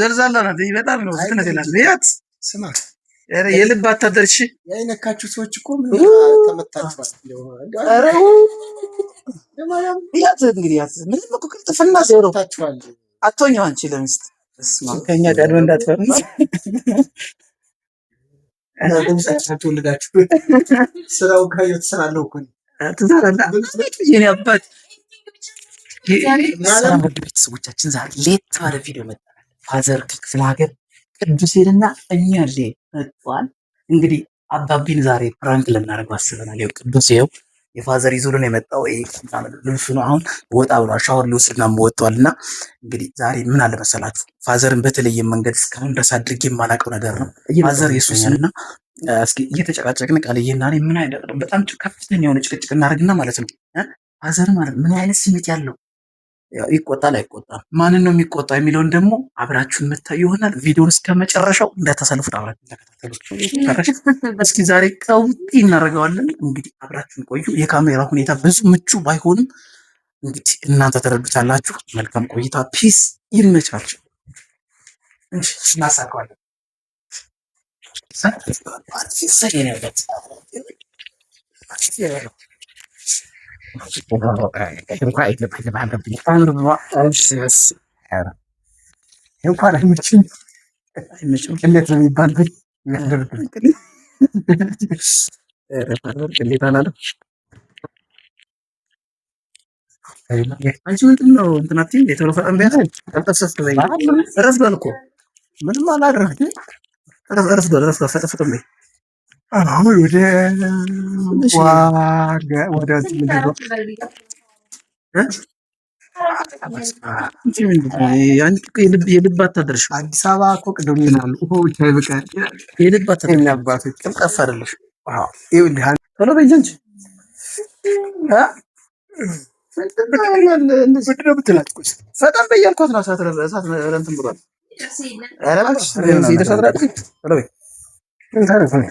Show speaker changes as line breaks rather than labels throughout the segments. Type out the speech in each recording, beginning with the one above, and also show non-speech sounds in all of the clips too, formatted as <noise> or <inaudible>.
ዘርዛላ ናት። በጣም ነው የልብ አታደርሽ
ያይነካችሁ ሰዎች እኮ ተመታችኋልያት
እንግዲህ ያት አቶኛው አንቺ ለሚስት ከኛ ዳድመ እንዳትፈር ስራው ካየው ትሰራለሁ እኮ ትዛላላ አባት ሰላም ውድ ቤተሰቦቻችን፣ ዛሬ ሌት ባለ ቪዲዮ መጥተናል። ፋዘር ከክፍለ ሀገር ቅዱሴንና እኛሌ መጥቷል። እንግዲህ አባቢን ዛሬ ፕራንክ ልናደርገው አስበናል። ው ቅዱስ ው የፋዘር ይዞ ነው የመጣው። ልብሱ ነው አሁን ወጣ ብሏል። ሻወር ሊወስድ ምናምን ወጥቷል። እና እንግዲህ ዛሬ ምን አለ መሰላችሁ ፋዘርን በተለየ መንገድ እስካሁን ድረስ አድርጌ የማላውቀው ነገር ነው። ፋዘር የሱስንና እስኪ እየተጨቃጨቅን ቃል ቃልዬና ምን አይነት በጣም ከፍተኛ የሆነ ጭቅጭቅ እናደርግና ማለት ነው ፋዘር ማለት ምን አይነት ስሜት ያለው ይቆጣል አይቆጣም፣ ማንን ነው የሚቆጣ የሚለውን ደግሞ አብራችሁን የምታዩ ይሆናል። ቪዲዮን እስከ መጨረሻው እንዳታሳልፉት አብራችሁ ተከታተሉ። እስኪ ዛሬ ቀውጢ እናደርገዋለን። እንግዲህ አብራችሁን ቆዩ። የካሜራ ሁኔታ ብዙ ምቹ ባይሆንም እንግዲህ እናንተ ተረዱታላችሁ። መልካም ቆይታ። ፒስ ይመቻችሁ። እናሳቀዋለን እንኳን አይመችም ቅሌት ነው የሚባል ቅሌት አላለም። አንቺ ምንድን ነው እንትናችን የቶሎ ፈጠን ቢያሳይ ጠብጠብሰስ እረስ በል እኮ ምንም አላደረግም። እረስ በል እረስ በል ፈጠን በይ አሁን ወደ ዋጋ ወደዚህ የልብ አታደርሽ አዲስ አበባ እኮ ቅድም ይላሉ ብቻ ይበቃል። የልብ አባቶች ቅልጠፍ አይደለሽ ቶሎ በይ እንጂ በጣም በያልኳት ነው። ሰዓት እንትን ብሏል።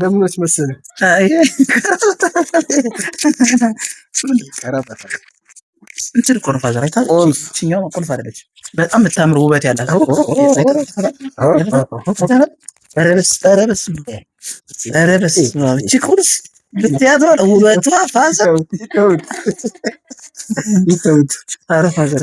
ለምኖች መስል እንትን እኮ ነው ፋዘር አይተሃል። ቁልፍ አይደለች፣ በጣም የምታምር ውበት ያላት ረበስ ረበስ ረበስ እቺ ቁልፍ ብትያዝ ውበቷ ፋዘር ይተውት። ኧረ ፋዘር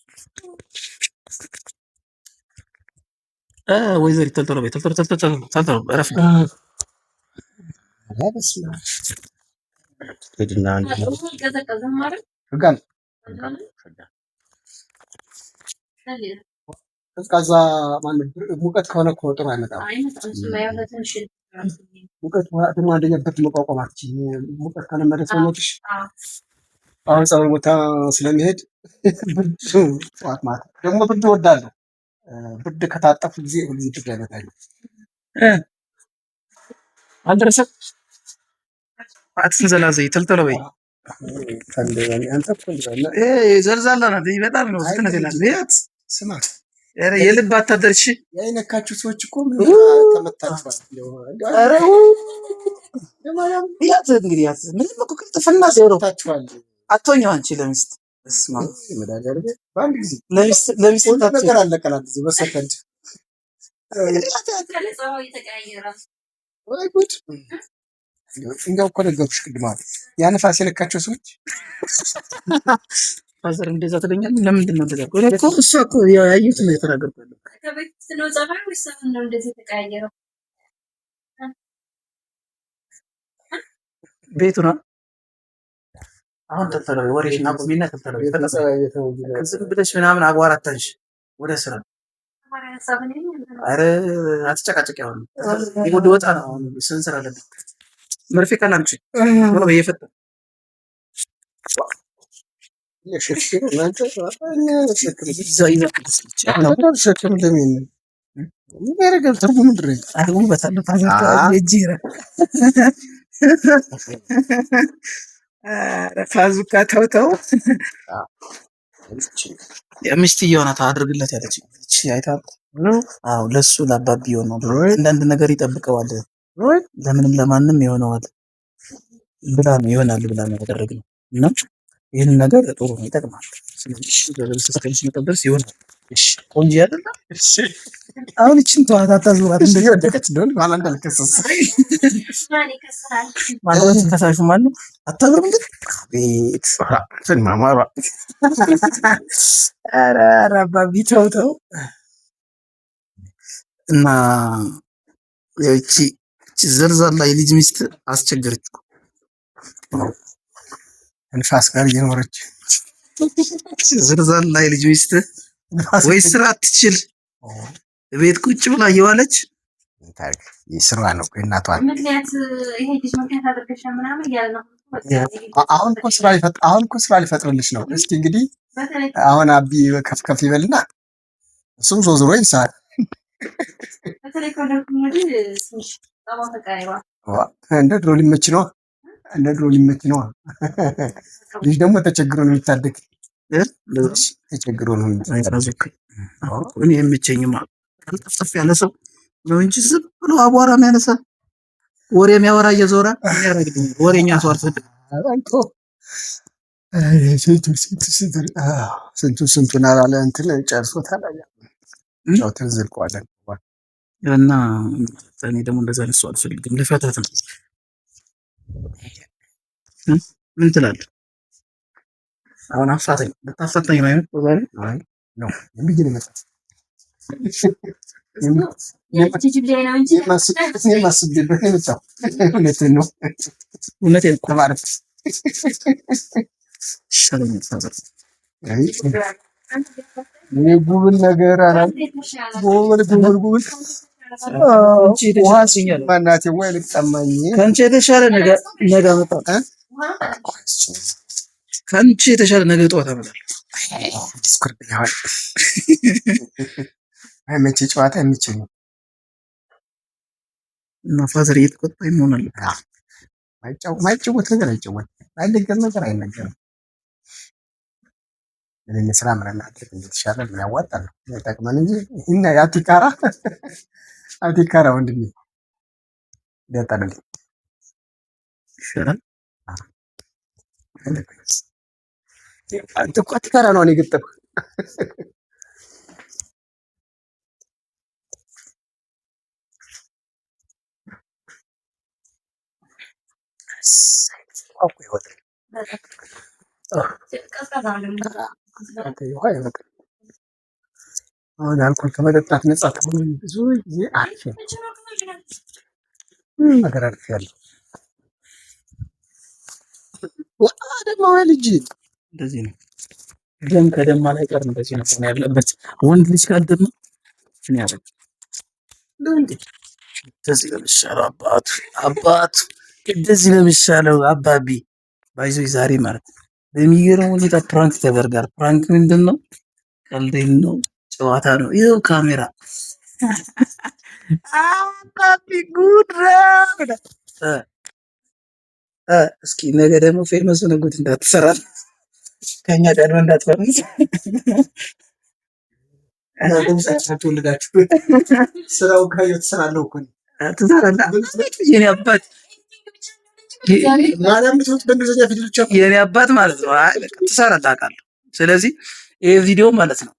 ወይዘሪ ተልተሎ ቤት ተልተሎ ተልተሎ ተልተሎ ረፍ ሙቀት ከሆነ እኮ ጥሩ አይመጣም። ሙቀት ደግሞ አንደኛ ብርድ መቋቋም አትችይም። ሙቀት ከለመደ ሰውነትሽ አሁን ፀበል ቦታ ስለሚሄድ ብርድ ጠዋት ማታ ደግሞ ብርድ እወዳለሁ። ብርድ ከታጠፉ ጊዜ ሁልጊዜ ብርድ አይመጣኝ አልደረሰም። አትንዘላ ዘይ ተልተለ ወይ ዘልዛላ ናት በጣም ነው። ስትነት ናት ስማት የልብ አታደርሽ ያይነካችሁ ሰዎች እኮ ተመታችኋል። እንግዲህ ምንም ቅልጥፍና ዜሮ ታችኋል። አቶኛው አንቺ ለሚስት እንዲያው እኮ ነገሩሽ ሰዎች ፋዘር እንደዛ ተገኛል። ለምንድን ነው እንደዛ? እኮ እሷ እኮ ያየሁት ነው የተናገርኩት። ቤቱ አሁን ተልተለው ወሬሽን አቁሚና ተልተለው ዝም ብለሽ ምናምን አቧራ አታንሽ። ወደ ስራ ኧረ አትጨቃጨቅ። ያሆን ወደ ወጣ ነው። አሁን ስንስራ አለብ መርፌ ካላምጭ ነው በየፈጠ ሸክም ነው? ፋዙካ ተው ተው። ሚስትየው ናት አድርግለት ያለችኝ እቺ አይታል። ለሱ ለአባቢ የሆነው አንዳንድ ነገር ይጠብቀዋል፣ ለምንም ለማንም የሆነዋል ብላ ነው ይሆናል ብላ ነው ያደረግነው እና ይህን ነገር ጥሩ ነው፣ ይጠቅማል። ስለዚህ በብስስተኝ ሲመጣ ይሆናል እሺ ቆንጆ አይደለ? አሁን እቺን ተዋት፣ አታዝባት። እንደዚህ ወደቀች ማለት ከሳሹ ነው? እና እቺ ዘርዛላ የልጅ ሚስት አስቸገረች። እንፋስ ጋር እየኖረች ዘርዛላ የልጅ ሚስት ወይ ስራ አትችል ቤት ቁጭ ብላ እየዋለች ስራዋ ነው እናቷ። አሁን እኮ ስራ ሊፈጥርልሽ ነው። እስኪ እንግዲህ አሁን አቢ ከፍከፍ ይበልና እሱም ዞሮ ይሳል። እንደ ድሮ ሊመች ነዋ፣ እንደ ድሮ ሊመች ነዋ። ልጅ ደግሞ ተቸግሮ ነው የሚታደግ ተቸግሮ ነው እኔ ጠፍጠፍ ያለ ሰው ነው እንጂ ዝም ብሎ አቧራ የሚያነሳ ወሬ የሚያወራ እየዞረ ወሬኛ ስንቱ ስንቱን አላለ እንትን ጨርሶታል። እና እኔ ደግሞ እንደዛ አልፈልግም። ልፈታት ነው። ምን ትላለህ? አሁን አፍሳተኝ ልታፈተኝ ነው ነው ብዬ ነው የጉብል ነገር አላ ጉብል ጉብል ጉብል ውሃ ሲኛል ማናቴ ወይ ልቅጠማኝ ከአንቺ የተሻለ ነገ መጣ ከአንቺ የተሻለ ነገር ጠዋት አመጣለሁ። ዲስኮርድ መቼ ጨዋታ የሚችል ነው እና ፋዘር እየተቆጣኝ መሆን ማይጫወት ነገር አይጫወት፣ አይነገር ነገር አይነገርም። ምን ስራ ምን እናድርግ እንደተሻለ ምን ያዋጣል ጠቅመን እንጂ እና አቲካራ <laughs> አቲካራ ወንድሜ ሊያጣልልኝ ይሻላል። انت እኮ አትከራ ነው እኔ ግጥም አሁን አልኮል ከመጠጣት ነጻ ተሆኑ ብዙ ጊዜ አሪፍ ነገር አሪፍ ያለው ደግሞ ልጅ እንደዚህ ነው። ደም ከደም አላይቀር እንደዚህ ነው ነው ያለበት። ወንድ ልጅ ካልደማ ምን ያደርግ? እንደዚህ ለሚሻለው አባቱ አባቱ እንደዚህ ለሚሻለው አባቢ ባይዞ ዛሬ ማለት በሚገርም ሁኔታ ፕራንክ ተደርጓል። ፕራንክ ምንድን ነው? ቀልደኝ ነው፣ ጨዋታ ነው። ይኸው ካሜራ <laughs> አባቢ ጉድ እስኪ ነገ ደግሞ ፌመስ ነጉት እንዳትሰራል ከኛ ጣል መምጣት በፊት ስራው ካየሁ ትሰራለህ እኮ የኔ አባት የኔ አባት ማለት ነው። ትሰራለህ አውቃለሁ። ስለዚህ ይህ ቪዲዮ ማለት ነው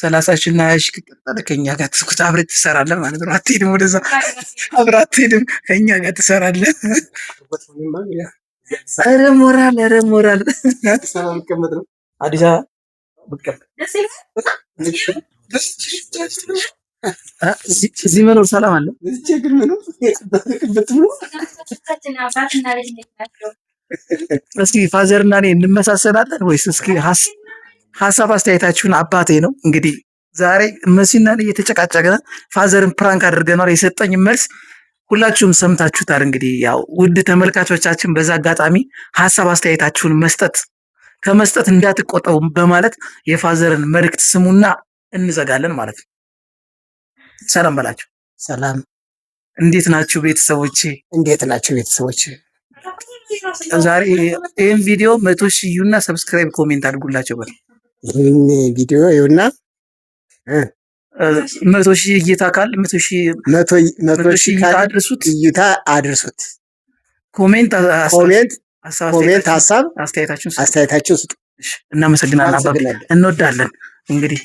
ሰላሳሽና ሀያ ሺህ ቅጠል ከኛ ጋር ትኩት አብረህ ትሰራለህ ማለት ነው። አትሄድም፣ ወደዛ አብረህ አትሄድም፣ ከኛ ጋር ትሰራለህ። ኧረ ሞራል ኧረ ሞራል አዲስ አበባ እዚህ መኖር ሰላም አለ። እስኪ ፋዘር እና እኔ እንመሳሰላለን ወይስ? እስኪ ሀሳብ አስተያየታችሁን። አባቴ ነው እንግዲህ ዛሬ መሲና እየተጨቃጨቅን ፋዘርን ፕራንክ አድርገናል። የሰጠኝ መልስ ሁላችሁም ሰምታችሁታል። እንግዲህ ያው ውድ ተመልካቾቻችን በዛ አጋጣሚ ሀሳብ አስተያየታችሁን መስጠት ከመስጠት እንዳትቆጠቡ በማለት የፋዘርን መልእክት ስሙና እንዘጋለን ማለት ነው። ሰላም በላችሁ። ሰላም እንዴት ናችሁ ቤተሰቦች? እንዴት ናችሁ ቤተሰቦች? ዛሬ ይህን ቪዲዮ መቶ ሺህ ሰብስክራይብ ኮሜንት አድርጉላቸው በል ይህን ቪዲዮ ይሁና መቶ ሺህ እይታ ካል መቶ ሺህ እይታ አድርሱት። ኮሜንት ኮሜንት፣ ሀሳብ አስተያየታችሁን ስጡ። እናመሰግናለን። እንወዳለን እንግዲህ